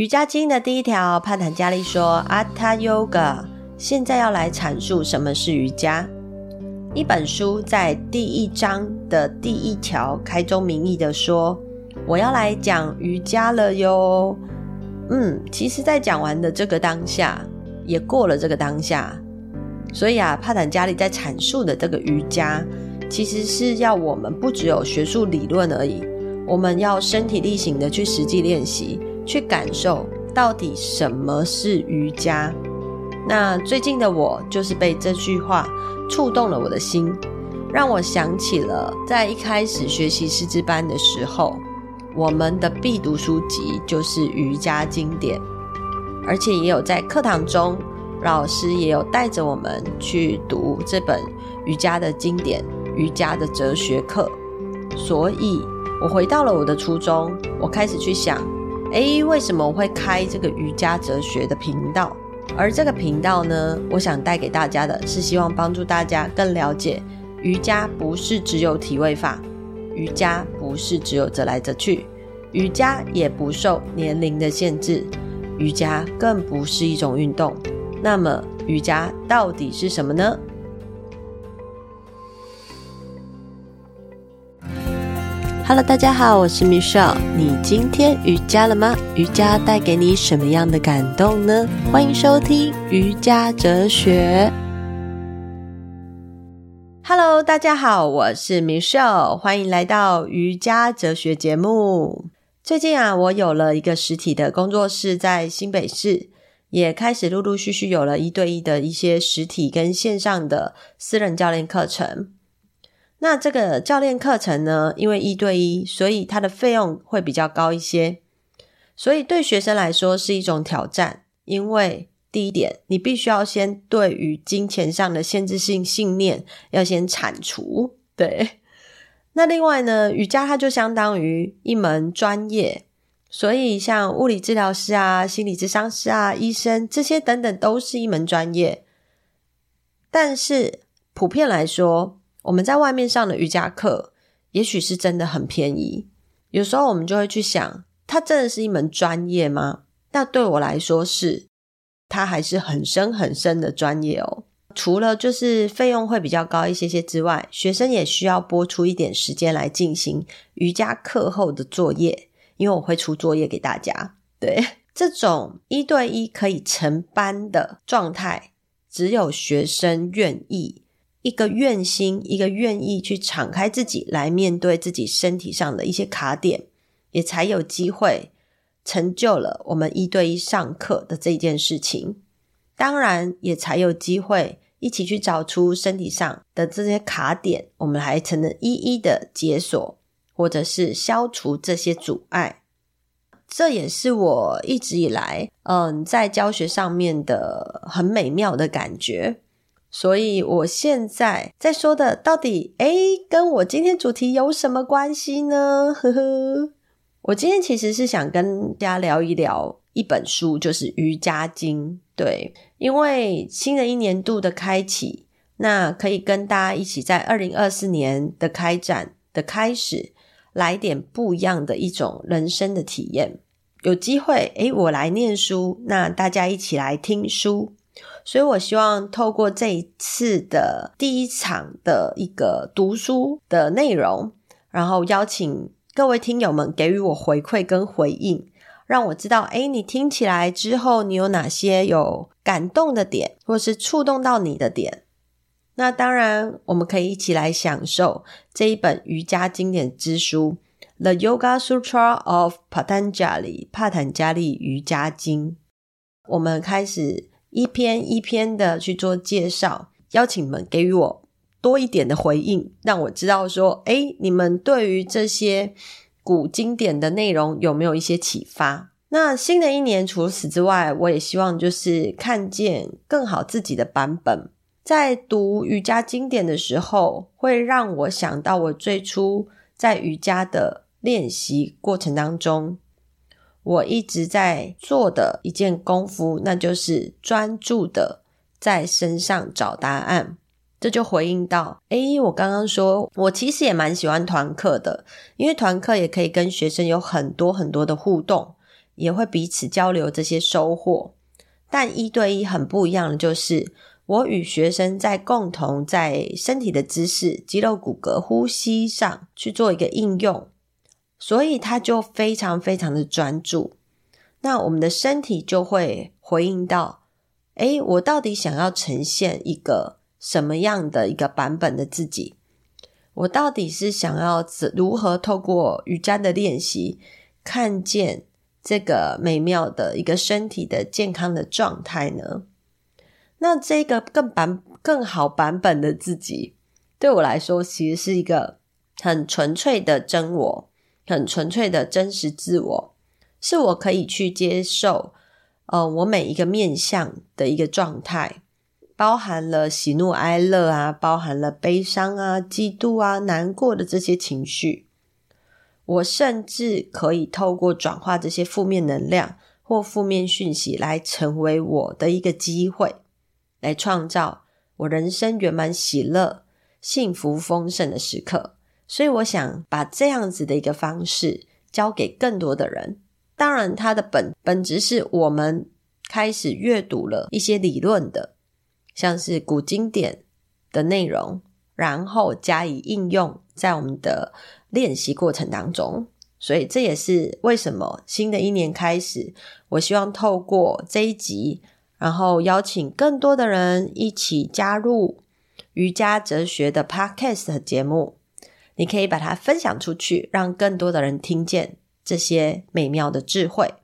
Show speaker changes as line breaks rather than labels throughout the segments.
瑜伽經的第一條，帕坦加利說：“Atha Yoga。”現在要來闡述什麼是瑜伽。一本書在第一章的第一條開宗明義的說：“我要來講瑜伽了喲。”嗯，其實，在講完的這個當下，也過了這個當下。所以啊，帕坦加利在闡述的這個瑜伽，其實是要我們不只有學術理論而已，我們要身體力行的去實際練習。去感受到底什麼是瑜伽。那最近的我就是被這句話觸動了我的心，讓我想起了在一開始學習師資班的時候，我們的必讀書籍就是瑜伽經典，而且也有在課堂中，老師也有帶着我們去讀這本瑜伽的經典，瑜伽的哲學課。所以，我回到了我的初衷，我開始去想。哎，為什麼我會開這個瑜伽哲學的頻道？而這個頻道呢，我想帶給大家的是希望幫助大家更了解瑜伽，不是只有體位法，瑜伽不是只有折來折去，瑜伽也不受年齡的限制，瑜伽更不是一種運動。那麼，瑜伽到底是什麼呢？Hello，大家好，我是 Michelle。你今天瑜伽了嗎？瑜伽帶給你什麼樣的感動呢？歡迎收聽瑜伽哲學。Hello，大家好，我是 Michelle，歡迎來到瑜伽哲學節目。最近啊，我有了一個實體的工作室，在新北市，也開始陸陸續續有了一對一的一些實體跟線上的私人教練課程。那這個教練課程呢，因為一對一，所以它的費用會比較高一些，所以對學生來說是一種挑戰。因為第一點，你必須要先對於金錢上的限制性信念要先鏟除。對，那另外呢，瑜伽它就相當於一門專業，所以像物理治療師啊、心理諮商師啊、醫生這些等等，都是一門專業。但是普遍來說，我們在外面上的瑜伽課，也許是真的很便宜。有時候我們就會去想，它真的是一門專業嗎？那對我來說是，它還是很深很深的專業哦。除了就是費用會比較高一些些之外，學生也需要撥出一點時間來進行瑜伽課後的作業，因為我會出作業給大家。對這種一對一可以成班的狀態，只有學生願意。一個願心，一個願意去敞開自己來面對自己身體上的一些卡點，也才有機會成就了我們一對一上課的這件事情。當然，也才有機會一起去找出身體上的這些卡點，我們還才能一一的解鎖或者是消除這些阻礙。這也是我一直以來，嗯，在教學上面的很美妙的感覺。所以，我現在在說的到底誒，跟我今天主題有什麼關係呢？呵呵，我今天其實是想跟大家聊一聊一本書，就是《瑜伽經》。對，因為新的一年度的開啟，那可以跟大家一起在2024年的開展的開始，來點不一樣的一種人生的體驗。有機會誒，我來念書，那大家一起來聽書。所以，我希望透過這一次的第一場的一個讀書的內容，然後邀請各位聽友們給予我回饋跟回應，讓我知道，哎、欸，你聽起來之後，你有哪些有感動的點，或是觸動到你的點？那當然，我們可以一起來享受這一本瑜伽經典之書《The Yoga Sutra of Patanjali》（帕坦加利瑜伽經）。我們開始。一篇一篇的去做介紹，邀請你們給予我多一點的回應，讓我知道說，哎，你們對於這些古經典的內容有沒有一些啟發？那新的一年，除此之外，我也希望就是看見更好自己的版本。在讀瑜伽經典的時候，會讓我想到我最初在瑜伽的練習過程當中，我一直在做的一件功夫，那就是專注的在身上找答案。這就回應到，誒、欸，我剛剛說我其實也蠻喜歡團課的，因為團課也可以跟學生有很多很多的互動，也會彼此交流這些收穫。但一對一很不一樣的就是，我與學生在共同在身體的知識、肌肉骨骼、呼吸上去做一個應用。所以他就非常非常的專注，那我們的身體就會回應到：誒，我到底想要呈現一個什麼樣的一個版本的自己？我到底是想要怎如何透過瑜伽的練習，看見這個美妙的一個身體的健康的狀態呢？那這個更版更好版本的自己，對我來說，其實是一個很純粹的真我。很純粹的真實自我，是我可以去接受，呃，我每一個面向的一個狀態，包含了喜怒哀樂啊，包含了悲傷啊、嫉妒啊、難過的這些情緒，我甚至可以透過轉化這些負面能量或負面訊息，來成為我的一個機會，來創造我人生圓滿、喜樂、幸福、豐盛的時刻。所以我想把這樣子的一個方式教給更多的人。當然，它的本本質是我們開始閱讀了一些理論的，像是古經典的內容，然後加以應用在我們的練習過程當中。所以這也是為什麼新的一年開始，我希望透過這一集，然後邀請更多的人一起加入瑜伽哲學的 podcast 節目。你可以把它分享出去，讓更多的人聽見這些美妙的智慧。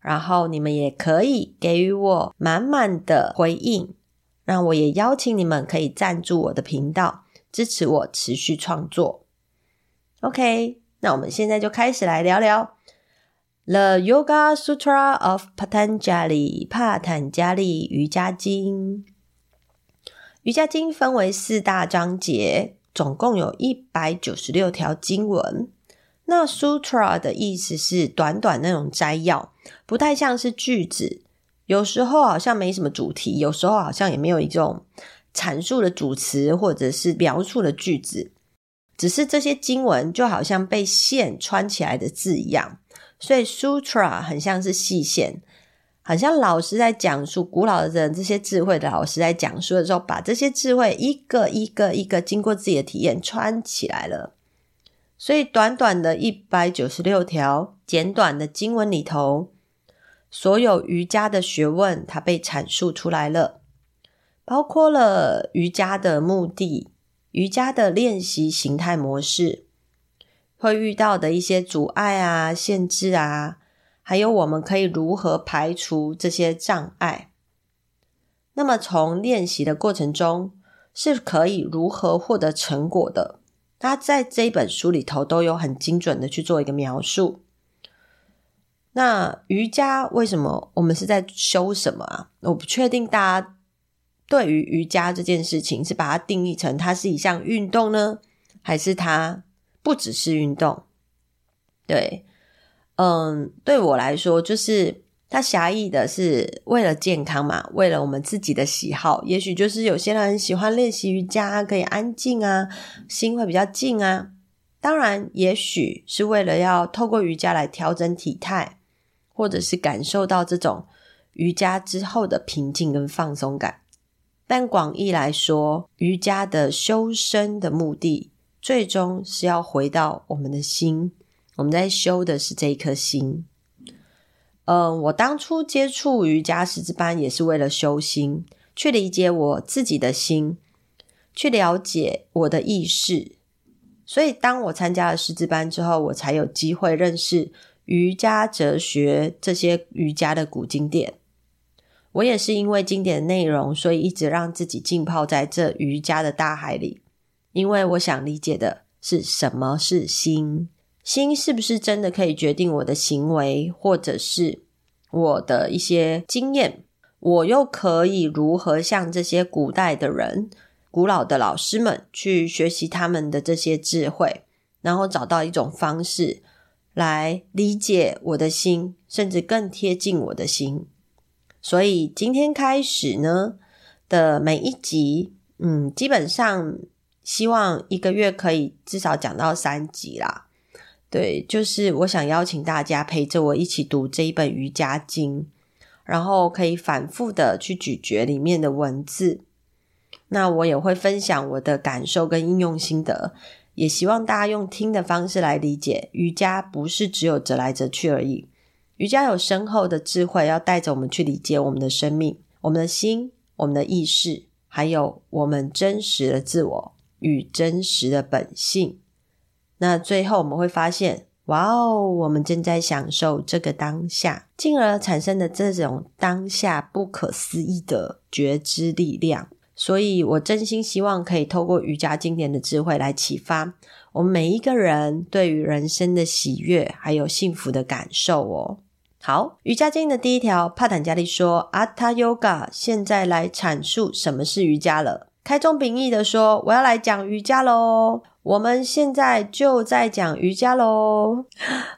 然後你們也可以給予我滿滿的回應，讓我也邀請你們可以贊助我的頻道，支持我持續創作。OK，那我們現在就開始來聊聊《The Yoga Sutra of Patanjali Patanjali》帕坦加利瑜伽經。瑜伽經分為四大章節。總共有一百九十六條經文。那 sutra 的意思是短短那種摘要，不太像是句子，有時候好像沒什麼主題，有時候好像也沒有一種闡述的主詞或者是描述的句子。只是這些經文就好像被線穿起來的字一樣，所以 sutra 很像是細線。好像老師在講述古老的人，這些智慧的老師在講述的時候，把這些智慧一個一個一個經過自己的體驗穿起來了。所以，短短的一百九十六條簡短的經文裡頭，所有瑜伽的學問它被闡述出來了，包括了瑜伽的目的、瑜伽的練習形態模式，會遇到的一些阻礙啊、限制啊。還有我們可以如何排除這些障礙？那麼從練習的過程中是可以如何獲得成果的？大家在這一本書裡頭都有很精準的去做一個描述。那瑜伽為什麼我們是在修什麼啊？我不確定大家對於瑜伽這件事情是把它定義成它是一項運動呢？還是它不只是運動？對。嗯，對我來說，就是它狹義的是為了健康嘛，為了我們自己的喜好。也許就是有些人喜歡練習瑜伽，可以安靜啊，心會比較靜啊。當然，也許是為了要透過瑜伽來調整體態，或者是感受到這種瑜伽之後的平靜跟放鬆感。但廣義來說，瑜伽的修身的目的，最終是要回到我們的心。我們在修的是這一顆心。嗯，我當初接觸瑜伽師資班也是為了修心，去理解我自己的心，去了解我的意識。所以，當我參加了師資班之後，我才有機會認識瑜伽哲學這些瑜伽的古經典。我也是因為經典的內容，所以一直讓自己浸泡在這瑜伽的大海裡，因為我想理解的是什麼是心。心是不是真的可以決定我的行為，或者是我的一些經驗？我又可以如何向這些古代的人、古老的老師們去學習他們的這些智慧，然後找到一種方式來理解我的心，甚至更貼近我的心。所以今天開始呢的每一集，嗯，基本上希望一個月可以至少講到三集啦。對，就是我想邀請大家陪着我一起讀這一本瑜伽經，然後可以反覆的去咀嚼裡面的文字。那我也會分享我的感受跟應用心得，也希望大家用聽的方式來理解，瑜伽不是只有折來折去而已。瑜伽有深厚的智慧，要帶着我們去理解我們的生命、我們的心、我們的意識，還有我們真實的自我與真實的本性。那最後我們會發現，哇哦，我們正在享受這個當下，進而產生的這種當下不可思議的覺知力量。所以，我真心希望可以透過瑜伽經典的智慧來啟發我們每一個人對於人生的喜悅還有幸福的感受哦。好，瑜伽經的第一條，帕坦加利說，Atha Yoga，現在來闡述什麼是瑜伽了。開宗明義的說，我要來講瑜伽嘍。我們現在就在講瑜伽嘍。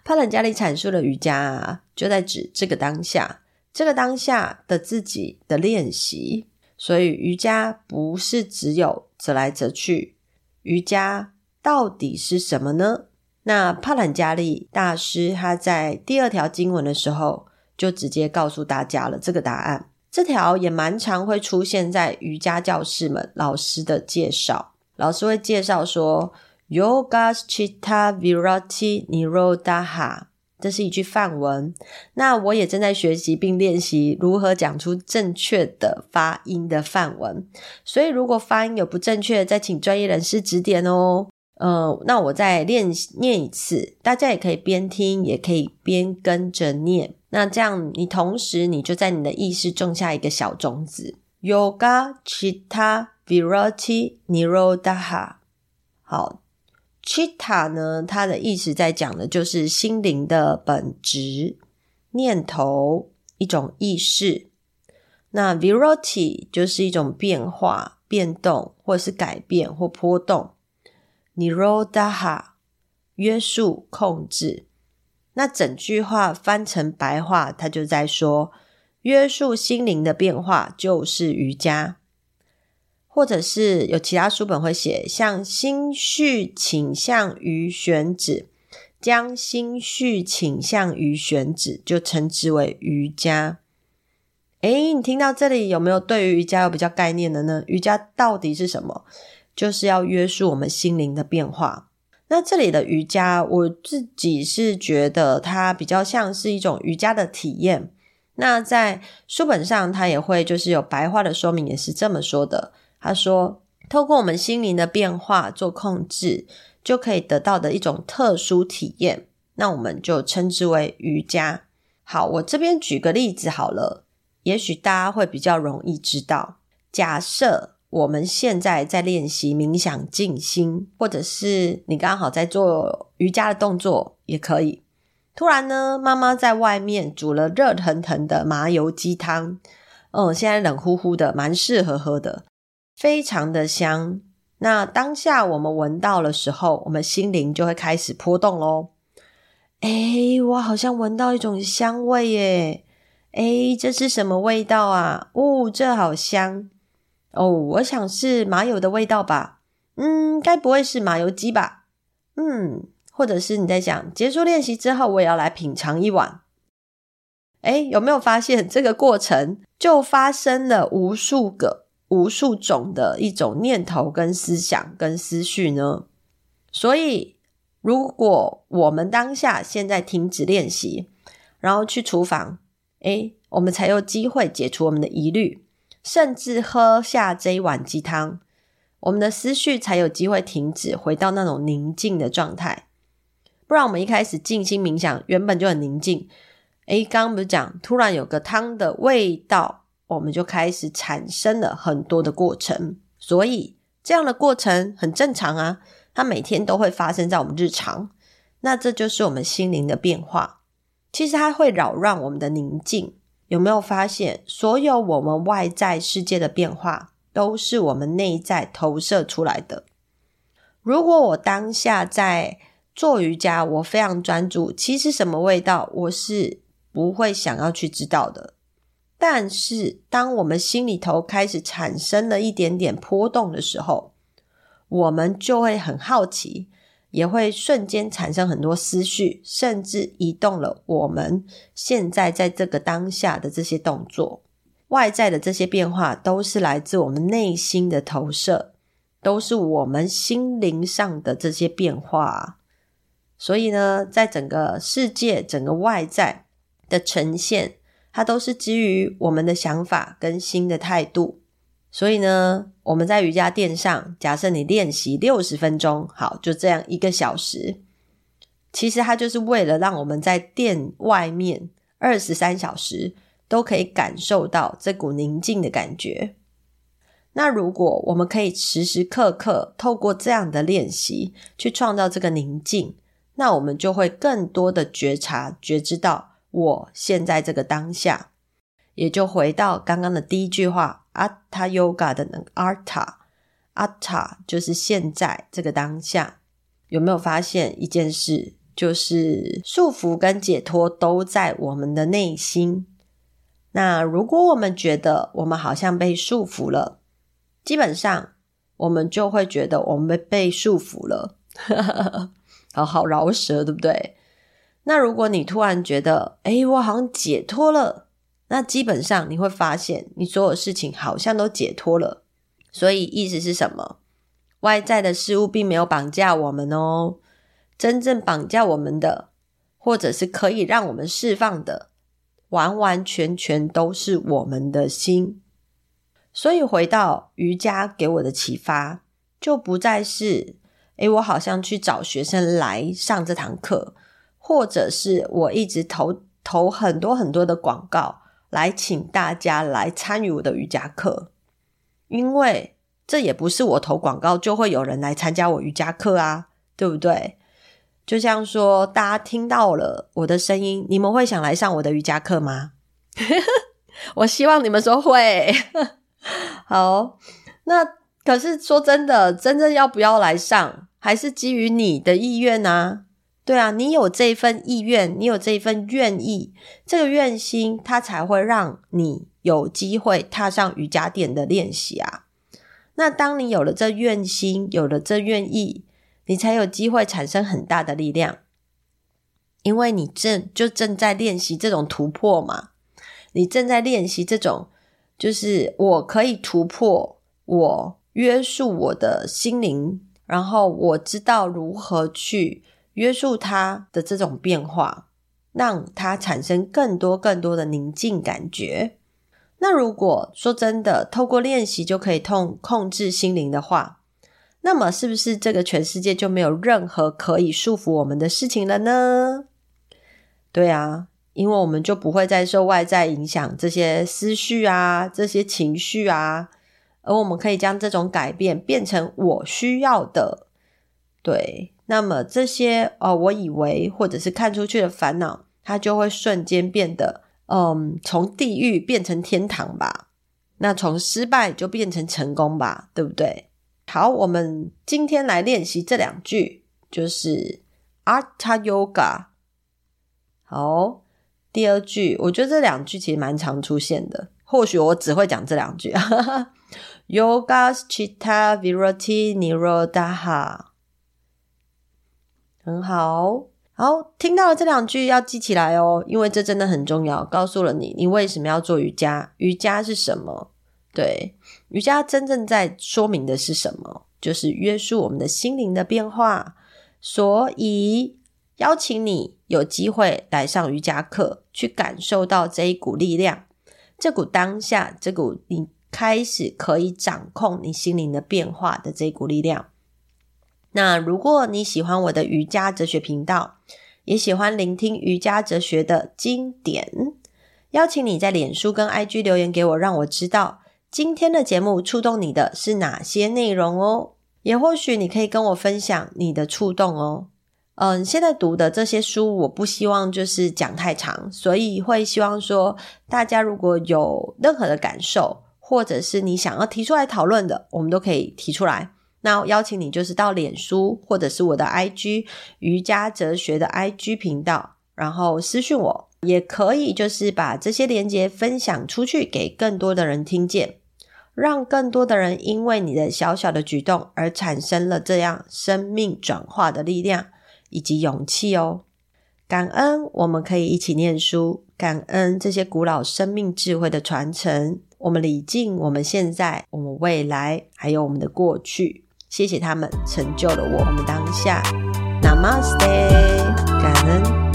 帕坦加利闡述的瑜伽，啊，就在指這個當下，這個當下的自己的練習。所以瑜伽不是只有折來折去，瑜伽到底是什麼呢？那帕坦加利大師他在第二條經文的時候就直接告訴大家了這個答案。這條也蠻常會出現在瑜伽教室們老師的介紹。老師會介紹說：“Yoga Citta Vritti Nirodhah”，這是一句梵文。那我也正在學習並練習如何講出正確的發音的梵文。所以，如果發音有不正確，再請專業人士指點哦。呃、嗯，那我再練習念一次。大家也可以邊聽，也可以邊跟着念。那這樣，你同時你就在你的意識種下一個小種子。Yoga Citta。Vritti Nirodhah 好，Citta 呢？它的意思在講的就是心靈的本質、念頭一種意識。那 vritti 就是一種變化、變動，或是改變或波動。Nirodhah 約束、控制。那整句話翻成白話，他就在說：約束心靈的變化就是瑜伽。或者是有其他書本會寫，像心緒傾向於懸止，將心緒傾向於懸止就稱之為瑜伽。誒、欸，你聽到這裡有沒有對於瑜伽有比較概念的呢？瑜伽到底是什麼？就是要約束我們心靈的變化。那這裡的瑜伽，我自己是覺得它比較像是一種瑜伽的體驗。那在書本上，它也會就是有白話的說明，也是這麼說的。他說：“透過我們心靈的變化做控制，就可以得到的一種特殊體驗，那我們就稱之為瑜伽。好，我這邊舉個例子好了，也許大家會比較容易知道。假設我們現在在練習冥想靜心，或者是你剛好在做瑜伽的動作，也可以。突然呢，媽媽在外面煮了熱騰騰的麻油雞湯，嗯，現在冷乎乎的，蠻適合喝的。”非常的香，那當下我們聞到的時候，我們心靈就會開始波動咯。誒，我好像聞到一種香味耶！誒，這是什麼味道啊？哦，這好香哦！我想是麻油的味道吧？嗯，該不會是麻油雞吧？嗯，或者是你在想結束練習之後，我也要來品嘗一碗。誒，有沒有發現這個過程就發生了無數個？無數種的一種念頭、跟思想、跟思緒呢，所以如果我們當下現在停止練習，然後去廚房，誒，我們才有機會解除我們的疑慮，甚至喝下這一碗雞湯，我們的思緒才有機會停止，回到那種寧靜的狀態。不然，我們一開始靜心冥想，原本就很寧靜，誒，剛剛不是講，突然有個湯的味道。我們就開始產生了很多的過程，所以這樣的過程很正常啊。它每天都會發生在我們日常，那這就是我們心靈的變化。其實它會擾亂我們的寧靜。有沒有發現，所有我們外在世界的變化，都是我們內在投射出來的？如果我當下在做瑜伽，我非常專注，其實什麼味道，我是不會想要去知道的。但是，當我們心裡頭開始產生了一點點波動的時候，我們就會很好奇，也會瞬間產生很多思緒，甚至移動了我們現在在這個當下的這些動作，外在的這些變化都是來自我們內心的投射，都是我們心靈上的這些變化。所以呢，在整個世界、整個外在的呈現，它都是基於，我們的想法跟新的態度，所以呢，我們在瑜伽墊上，假設你練習六十分鐘，好，就這樣一個小時，其實它就是為了讓我們在墊外面二十三小時都可以感受到這股寧靜的感覺。那如果我們可以時時刻刻透過這樣的練習去創造這個寧靜，那我們就會更多的覺察、覺知到。我現在這個當下，也就回到剛剛的第一句話，阿塔瑜伽的那個阿塔，阿塔就是現在這個當下。有沒有發現一件事，就是束縛跟解脫都在我們的內心。那如果我們覺得我們好像被束縛了，基本上我們就會覺得我們被束縛了，好 好饒舌，對不對？那如果你突然覺得，誒，我好像解脫了，那基本上你會發現，你所有事情好像都解脫了。所以意思是什麼？外在的事物並沒有綁架我們哦，真正綁架我們的，或者是可以讓我們釋放的，完完全全都是我們的心。所以回到瑜伽給我的啟發，就不再是，誒，我好像去找學生來上這堂課。或者是我一直投投很多很多的廣告來請大家來參與我的瑜伽課，因為這也不是我投廣告就會有人來參加我瑜伽課啊，對不對？就像說大家聽到了我的聲音，你們會想來上我的瑜伽課嗎？ 我希望你們說會。 好哦，那可是說真的，真正要不要來上，還是基於你的意願啊？對啊，你有這份意願，你有這份願意，這個願心，它才會讓你有機會踏上瑜伽墊的練習啊。那當你有了這願心，有了這願意，你才有機會產生很大的力量，因為你正就正在練習這種突破嘛。你正在練習這種，就是我可以突破我約束我的心靈，然後我知道如何去。約束它的這種變化，讓它產生更多更多的寧靜感覺。那如果說真的透過練習就可以控控制心靈的話，那麼是不是這個全世界就沒有任何可以束縛我們的事情了呢？對啊，因為我們就不會再受外在影響，這些思緒啊，這些情緒啊，而我們可以將這種改變變成我需要的。對。那麼這些哦，我以為或者是看出去的煩惱，它就會瞬間變得，嗯，從地獄變成天堂吧？那從失敗就變成成功吧，對不對？好，我們今天來練習這兩句，就是 Atha Yoga。好，第二句，我覺得這兩句其實蠻常出現的，或許我只會講這兩句 Yogas Citta Vritti Nirodhah。很、嗯、好，好聽到了這兩句要記起來哦，因為這真的很重要。告訴了你，你為什麼要做瑜伽？瑜伽是什麼？對，瑜伽真正在說明的是什麼？就是約束我們的心靈的變化。所以，邀請你有機會來上瑜伽課，去感受到這一股力量。這股當下，這股你開始可以掌控你心靈的變化的這一股力量。那如果你喜歡我的瑜伽哲學頻道，也喜歡聆聽瑜伽哲學的經典，邀請你在臉書跟 IG 留言給我，讓我知道今天的節目觸動你的是哪些內容哦。也或許你可以跟我分享你的觸動哦。嗯，現在讀的這些書，我不希望就是講太長，所以會希望說大家如果有任何的感受，或者是你想要提出來討論的，我們都可以提出來。那我邀請你就是到臉書或者是我的 IG 瑜伽哲學的 IG 頻道，然後私訊我，也可以就是把這些鏈接分享出去，給更多的人聽見，讓更多的人因為你的小小的舉動而產生了這樣生命轉化的力量以及勇氣哦。感恩我們可以一起念書，感恩這些古老生命智慧的傳承，我們禮敬，我們現在，我們未來，還有我們的過去。謝謝他們成就了我，我們當下。Namaste，感恩。